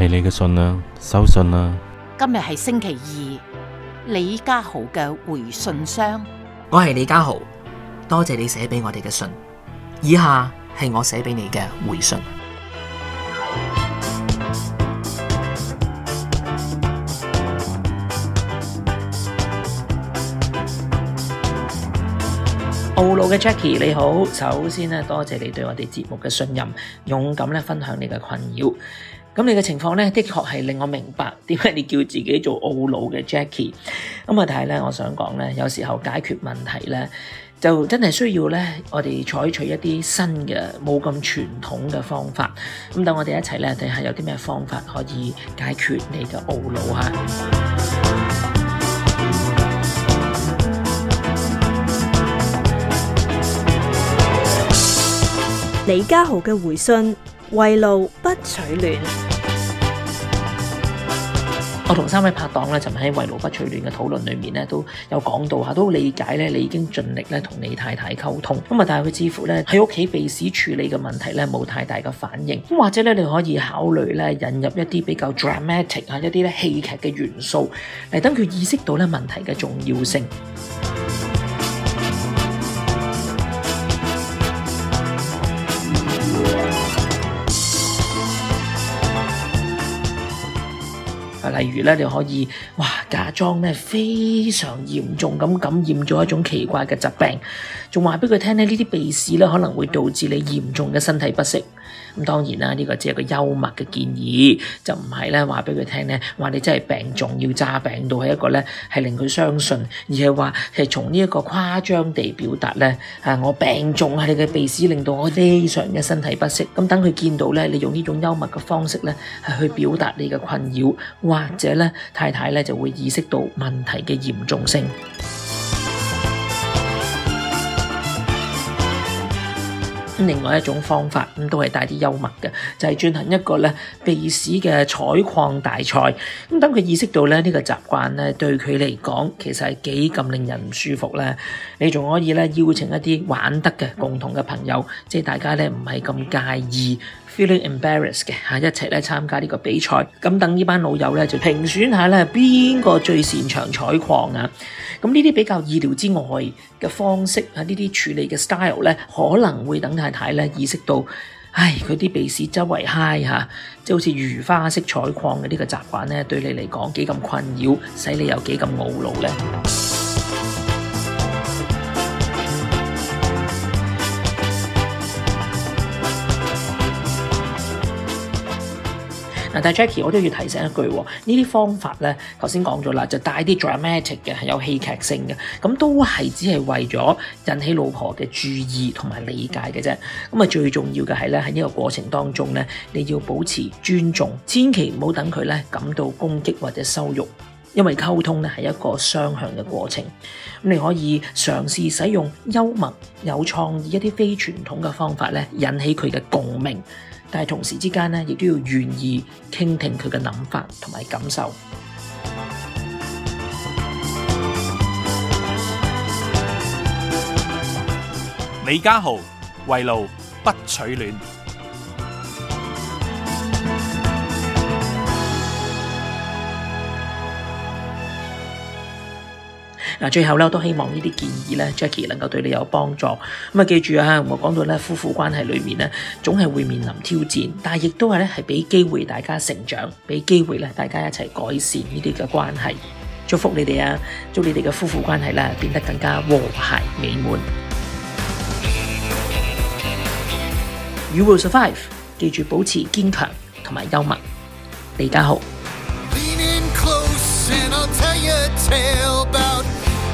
係你嘅信啦，收信啦。今日係星期二，李家豪嘅回信箱。我係李家豪，多謝你寫俾我哋嘅信。以下係我寫俾你嘅回信。澳洲嘅 Jacky 你好，首先咧多謝你對我哋節目嘅信任，勇敢咧分享你嘅困擾。咁你嘅情況呢，的確係令我明白點解你叫自己做懊惱嘅 Jackie。咁啊，但係呢，我想講呢，有時候解決問題呢，就真係需要呢，我哋採取一啲新嘅冇咁傳統嘅方法。咁等我哋一齊呢，睇下有啲咩方法可以解決你嘅懊惱吓。李家豪嘅回信。為勞不取暖，我同三位拍檔咧，就喺為勞不取暖嘅討論裏面咧，都有講到啊，都理解咧，你已經盡力咧同你太太溝通，咁啊，但係佢似乎咧喺屋企鼻屎處理嘅問題咧冇太大嘅反應，咁或者咧你可以考慮咧引入一啲比較 dramatic 啊一啲咧戲劇嘅元素嚟等佢意識到咧問題嘅重要性。例如咧，你可以哇，假裝咧非常嚴重咁感染咗一種奇怪嘅疾病。仲話俾佢聽咧，呢啲鼻屎咧可能會導致你嚴重嘅身體不適。咁當然啦，呢個只係個幽默嘅建議，就唔係咧話俾佢聽咧話你真係病重要詐病，到係一個咧係令佢相信，而係話係從呢一個誇張地表達咧，啊我病重係，你嘅鼻屎令到我非常嘅身體不適。咁等佢見到咧，你用呢種幽默嘅方式咧係去表達你嘅困擾，或者咧太太咧就會意識到問題嘅嚴重性。另外一種方法咁都係帶啲幽默嘅，就係進行一個咧鼻屎嘅採礦大賽。咁等佢意識到咧呢個習慣咧對佢嚟講其實係幾咁令人唔舒服咧。你仲可以咧邀請一啲玩得嘅共同嘅朋友，即係大家咧唔係咁介意，feeling embarrassed 嘅嚇，一齊咧參加呢個比賽，咁等呢班老友咧就評選下咧邊個最擅長採礦啊！咁呢啲比較意料之外嘅方式，喺呢啲處理嘅 style 咧，可能會等太太咧意識到，唉，佢啲鼻屎周圍揩嚇，即係好似如花式採礦嘅呢個習慣咧，對你嚟講幾咁困擾，使你有幾咁懊惱咧。但 Jackie，我都要提醒一句，呢啲方法呢，頭先講咗啦，就帶啲 dramatic 嘅，係有戲劇性嘅，咁都係只係為咗引起老婆嘅注意同埋理解嘅啫。咁啊，最重要嘅係呢，喺呢個過程當中呢，你要保持尊重，千祈唔好等佢呢感到攻擊或者羞辱，因為溝通呢係一個雙向嘅過程。咁你可以嘗試使用幽默、有創意、一啲非傳統嘅方法呢，引起佢嘅共鳴。但係同時之間呢，亦都要願意傾聽佢嘅諗法同埋感受。李家豪為路不取暖。嗱，最後咧，我都希望呢啲建議咧，Jackie 能夠對你有幫助。咁啊，記住啊，我講到咧，夫婦關係裏面咧，總係會面臨挑戰，但係亦都係咧，係俾機會大家成長，俾機會咧，大家一齊改善呢啲嘅關係。祝福你哋啊，祝你哋嘅夫婦關係啦，變得更加和諧美滿。You will survive，記住保持堅強同埋幽默。李家豪。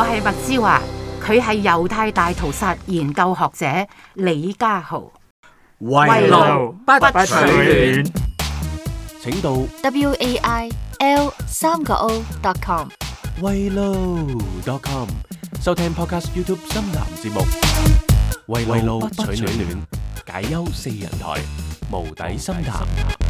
我係麥之華，佢係猶太大屠殺研究學者李家豪。為路不取暖，請到 wail 三個 o dot com，為路 dot com 收聽 Podcast YouTube 深談節目。為路不取暖，解憂四人台，無底深潭。